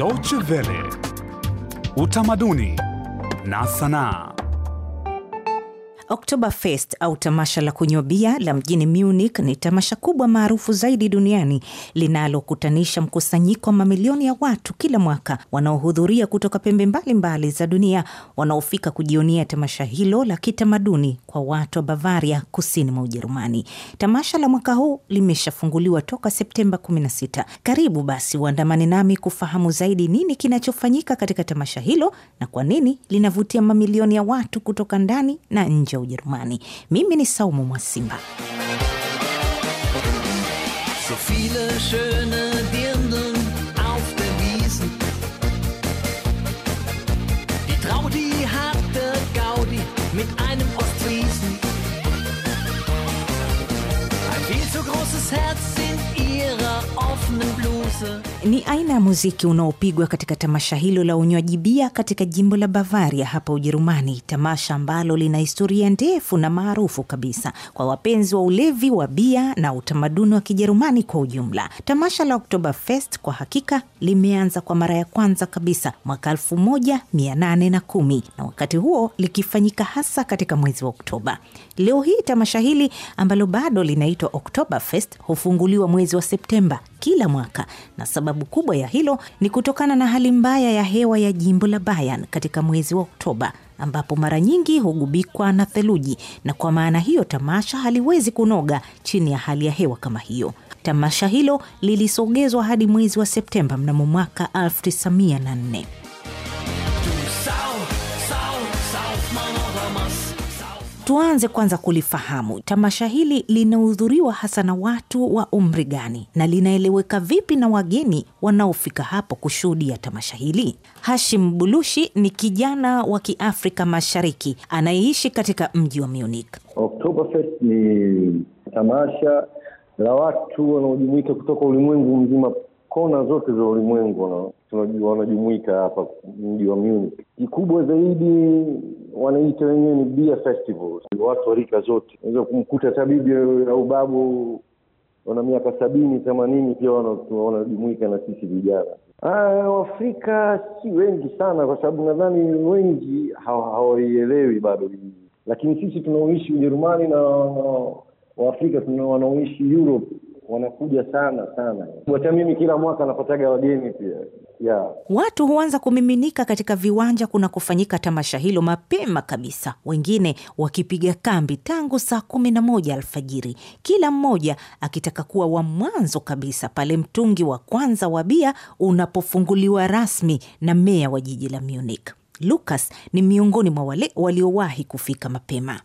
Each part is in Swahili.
Deutsche Welle, utamaduni na sanaa. Oktoberfest au tamasha la kunywa bia la mjini Munich ni tamasha kubwa maarufu zaidi duniani linalokutanisha mkusanyiko wa mamilioni ya watu kila mwaka wanaohudhuria kutoka pembe mbalimbali mbali za dunia wanaofika kujionia tamasha hilo la kitamaduni kwa watu wa Bavaria kusini mwa Ujerumani. Tamasha la mwaka huu limeshafunguliwa toka Septemba 16. Karibu basi uandamane nami kufahamu zaidi nini kinachofanyika katika tamasha hilo na kwa nini linavutia mamilioni ya watu kutoka ndani na nje ya Ujerumani. Mimi ni Saumu Mwasimba. So viele schöne Dirnen auf der Wiesen. Die Traudi hatte Gaudi mit einem Ostfriesen. Ein viel zu großes Herz in ihrer offenen Bluse. Ni aina ya muziki unaopigwa katika tamasha hilo la unywaji bia katika jimbo la Bavaria hapa Ujerumani, tamasha ambalo lina historia ndefu na maarufu kabisa kwa wapenzi wa ulevi wa bia na utamaduni wa Kijerumani kwa ujumla. Tamasha la Oktoberfest kwa hakika limeanza kwa mara ya kwanza kabisa mwaka 1810 na wakati huo likifanyika hasa katika mwezi wa Oktoba. Leo hii tamasha hili ambalo bado linaitwa Oktoberfest hufunguliwa mwezi wa Septemba kila mwaka, na sababu kubwa ya hilo ni kutokana na hali mbaya ya hewa ya jimbo la bayan katika mwezi wa Oktoba ambapo mara nyingi hugubikwa na theluji, na kwa maana hiyo tamasha haliwezi kunoga chini ya hali ya hewa kama hiyo. Tamasha hilo lilisogezwa hadi mwezi wa Septemba mnamo mwaka 94 Tuanze kwanza kulifahamu tamasha hili linahudhuriwa hasa na watu wa umri gani na linaeleweka vipi na wageni wanaofika hapo kushuhudia tamasha hili? Hashim Bulushi ni kijana wa Kiafrika Mashariki anayeishi katika mji wa Munich. Oktoberfest ni tamasha la watu wanaojumuika kutoka ulimwengu mzima, kona zote za ulimwengu tunajua wanajumuika hapa mji wa Munich. Kikubwa zaidi wanaita wenyewe ni beer festival, watu wa rika zote. Unaweza kumkuta tabibi au babu wana miaka sabini themanini pia wanajumuika na sisi vijana. Waafrika si wengi sana, kwa sababu nadhani wengi hawaielewi hawa bado hii, lakini sisi tunaoishi Ujerumani na Waafrika wanaoishi Europe wanakuja sana sana, wacha mimi kila mwaka napataga wageni pia yeah. Watu huanza kumiminika katika viwanja kuna kufanyika tamasha hilo mapema kabisa, wengine wakipiga kambi tangu saa kumi na moja alfajiri, kila mmoja akitaka kuwa wa mwanzo kabisa pale mtungi wa kwanza wa bia unapofunguliwa rasmi na meya wa jiji la Munich. Lucas ni miongoni mwa wale waliowahi kufika mapema.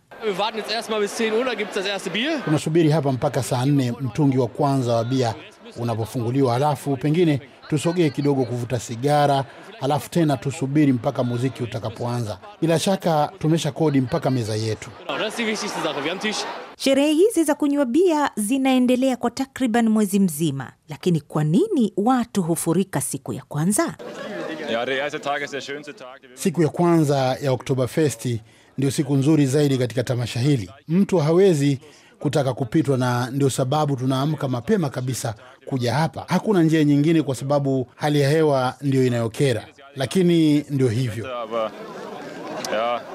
Tunasubiri hapa mpaka saa nne mtungi wa kwanza wa bia unapofunguliwa, halafu pengine tusogee kidogo kuvuta sigara, halafu tena tusubiri mpaka muziki utakapoanza. Bila shaka tumesha kodi mpaka meza yetu. Sherehe hizi za kunywa bia zinaendelea kwa takriban mwezi mzima, lakini kwa nini watu hufurika siku ya kwanza? Siku ya kwanza ya Oktoberfest ndio siku nzuri zaidi katika tamasha hili. Mtu hawezi kutaka kupitwa, na ndio sababu tunaamka mapema kabisa kuja hapa. Hakuna njia nyingine, kwa sababu hali ya hewa ndiyo inayokera, lakini ndio hivyo.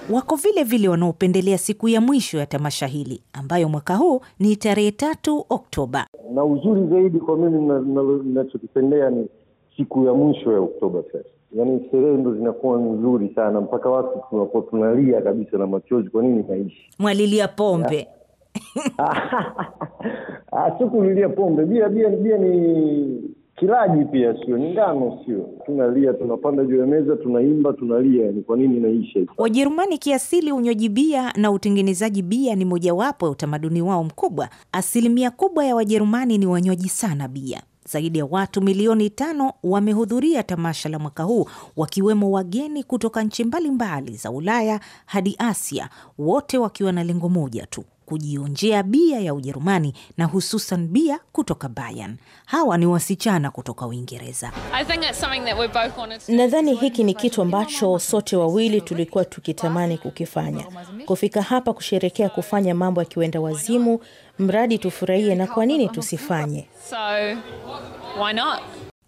Wako vile vile wanaopendelea siku ya mwisho ya tamasha hili ambayo mwaka huu ni tarehe tatu Oktoba. Na uzuri zaidi kwa mimi ninachokipendea ni siku ya mwisho ya Oktoberfest yani sherehe ndo zinakuwa nzuri sana mpaka watu tunakuwa tunalia kabisa na machozi kwa nini naishi mwalilia pombe ah, sikulilia pombe bia bia bia ni kilaji pia sio ni ngano sio tunalia tunapanda juu ya meza tunaimba tunalia ni kwa nini naisha wajerumani kiasili unywaji bia na utengenezaji bia ni mojawapo ya utamaduni wao mkubwa asilimia kubwa ya wajerumani ni wanywaji sana bia zaidi ya watu milioni tano wamehudhuria tamasha la mwaka huu, wakiwemo wageni kutoka nchi mbalimbali za Ulaya hadi Asia, wote wakiwa na lengo moja tu kujionjea bia ya Ujerumani na hususan bia kutoka bayan Hawa ni wasichana kutoka Uingereza. Nadhani hiki ni kitu ambacho sote wawili tulikuwa tukitamani kukifanya, kufika hapa kusherekea, kufanya mambo yakiwenda wazimu, mradi tufurahie, na kwa nini tusifanye? So, why not?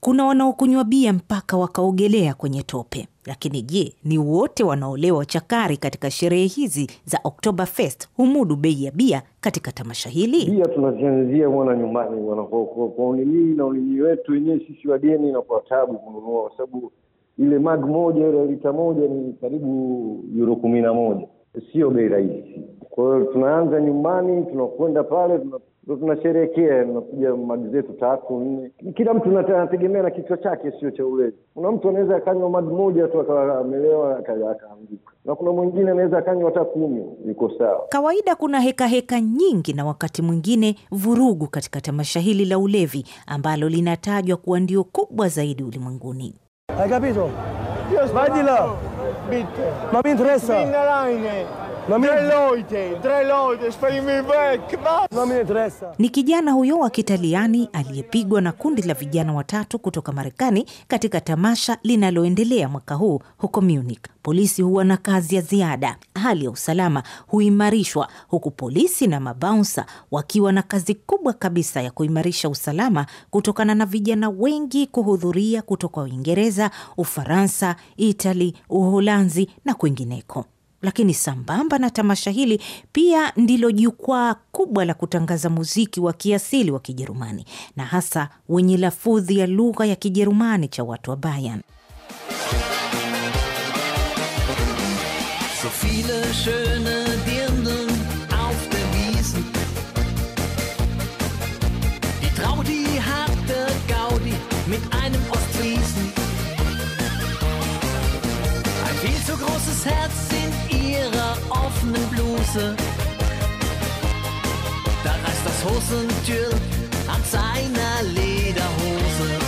Kuna wanaokunywa bia mpaka wakaogelea kwenye tope. Lakini je, ni wote wanaolewa wachakari katika sherehe hizi za Oktoberfest humudu bei ya bia katika tamasha hili? Bia tunazianzia mwana nyumbani, bwana, kwa unilii na ulimii wetu wenyewe sisi wageni, inakuwa tabu kununua, kwa sababu ile mag moja ile lita moja ni karibu yuro kumi na moja, sio bei rahisi. Kwa hiyo tunaanza nyumbani, tunakwenda pale, tunasherehekea, tunapiga magi zetu tatu nne. Kila mtu anategemea na kichwa chake, sio cha ulevi. Kuna mtu anaweza akanywa magi moja tu akawa amelewa akaanguka, na kuna mwingine anaweza akanywa hata kumi, yuko sawa. Kawaida kuna hekaheka heka nyingi na wakati mwingine vurugu katika tamasha hili la ulevi ambalo linatajwa kuwa ndio kubwa zaidi ulimwenguni. Mi... ni kijana huyo wa Kitaliani aliyepigwa na kundi la vijana watatu kutoka Marekani katika tamasha linaloendelea mwaka huu huko Munich. Polisi huwa na kazi ya ziada, hali ya usalama huimarishwa, huku polisi na mabaunsa wakiwa na kazi kubwa kabisa ya kuimarisha usalama kutokana na vijana wengi kuhudhuria kutoka Uingereza, Ufaransa, Itali, Uholanzi na kwingineko. Lakini sambamba na tamasha hili pia ndilo jukwaa kubwa la kutangaza muziki wa kiasili wa Kijerumani na hasa wenye lafudhi ya lugha ya Kijerumani cha watu wa bayan So viele schöne Hosentür seiner Lederhose.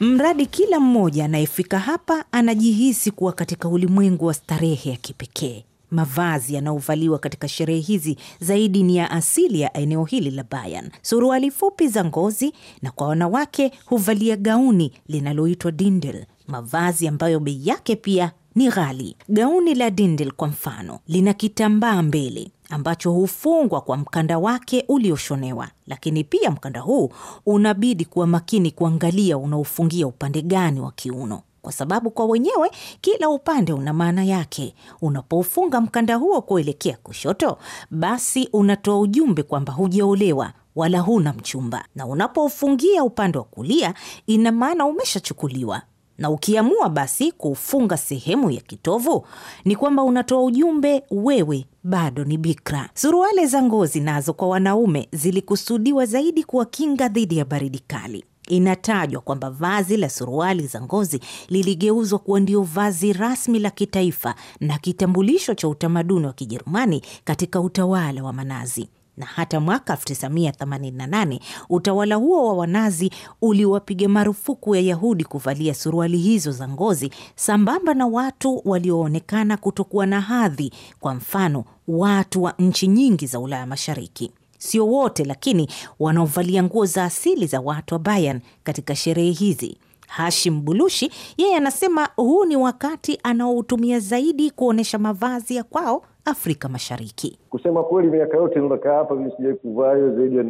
Mradi kila mmoja anayefika hapa anajihisi kuwa katika ulimwengu wa starehe ya kipekee. Mavazi yanayovaliwa katika sherehe hizi zaidi ni ya asili ya eneo hili la Bayan, suruali fupi za ngozi, na kwa wanawake huvalia gauni linaloitwa dindel, mavazi ambayo bei yake pia ni ghali. Gauni la dindil kwa mfano lina kitambaa mbele ambacho hufungwa kwa mkanda wake ulioshonewa, lakini pia mkanda huu unabidi kuwa makini kuangalia unaofungia upande gani wa kiuno kwa sababu kwa wenyewe kila upande una maana yake. Unapoufunga mkanda huo kuelekea kushoto, basi unatoa ujumbe kwamba hujaolewa wala huna mchumba, na unapoufungia upande wa kulia, ina maana umeshachukuliwa na ukiamua basi kufunga sehemu ya kitovu ni kwamba unatoa ujumbe, wewe bado ni bikra. Suruale za ngozi nazo kwa wanaume zilikusudiwa zaidi kuwakinga dhidi ya baridi kali. Inatajwa kwamba vazi la suruali za ngozi liligeuzwa kuwa ndio vazi rasmi la kitaifa na kitambulisho cha utamaduni wa Kijerumani katika utawala wa Manazi na hata mwaka 1988 utawala huo wa wanazi uliwapiga marufuku ya Yahudi kuvalia suruali hizo za ngozi, sambamba na watu walioonekana kutokuwa na hadhi, kwa mfano watu wa nchi nyingi za Ulaya Mashariki. Sio wote lakini, wanaovalia nguo za asili za watu wa Bayan katika sherehe hizi. Hashim Bulushi yeye anasema huu ni wakati anaoutumia zaidi kuonyesha mavazi ya kwao Afrika Mashariki. Kusema kweli, miaka yote nilokaa hapa mimi sijai kuvaa hiyo zaidi ya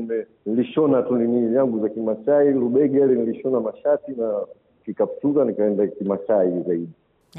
nilishona tu nini yangu za Kimasai, rubege ile nilishona mashati na kikaptura nikaenda Kimasai zaidi.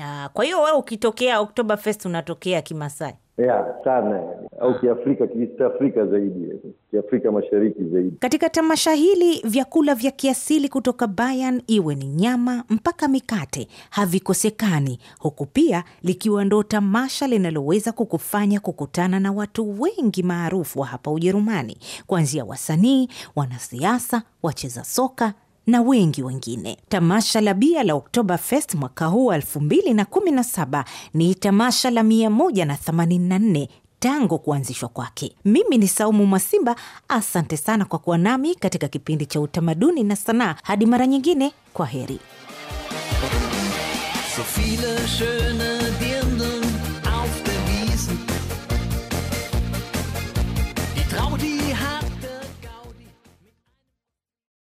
Ah, kwa hiyo wewe ukitokea Oktoberfest unatokea Kimasai? Yeah, sana au Kiafrika, Kiafrika zaidi, Kiafrika Mashariki zaidi. Katika tamasha hili vyakula vya kiasili kutoka Bayan, iwe ni nyama mpaka mikate, havikosekani, huku pia likiwa ndo tamasha linaloweza kukufanya kukutana na watu wengi maarufu wa hapa Ujerumani, kuanzia wasanii, wanasiasa, wacheza soka na wengi wengine. Tamasha la bia la Oktoberfest mwaka huu wa 2017 ni tamasha la 184 tangu kuanzishwa kwake. Mimi ni Saumu Mwasimba, asante sana kwa kuwa nami katika kipindi cha utamaduni na sanaa. Hadi mara nyingine, kwa heri. So